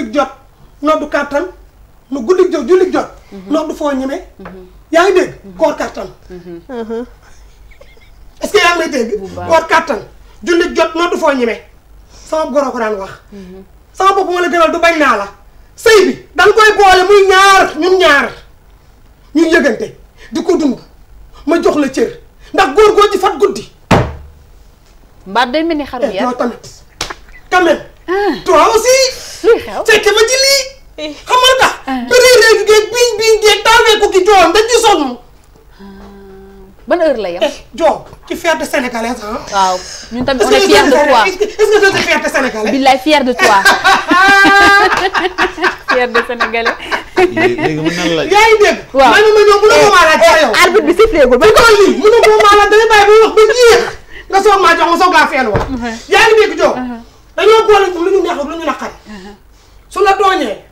jullig jot noddu kàttan nu guddig jot jullig jot mhm. noddu foo ñeme mhm. yaa ngi dégg mhm. koor kàttan uh-huh. est-ce que yaa ngi may kàttan jullig jot noddu foo ñeme sama goroo ko daan wax sama bopp ma la gënal du bañ naa la sëy bi dañ koy boole muy ñaar ñun ñaar ñu yëgante di ko dund ma jox la cër ndax góor góor ji guddi mbaat day mel ni xarum eh, yar non tamit quand même ah. toi xew fekk ma ci lii. Eh. xam la yem. Eh, joo ci fierté sénégalaise ah. waaw de toi est-ce que tu es fier de de toi. fier de sénégalais. léegi mën la. yaa ngi dégg. Eh, bi sifflé ko ba. bu ko lii mënoo ma maalaat da ngay bàyyi ba wax nga soog maa jox ma soog laa feel wax. Uh-huh. yaa ngi dégg joo. Uh-huh. dañoo boole lu ñu neex ak su la tooñee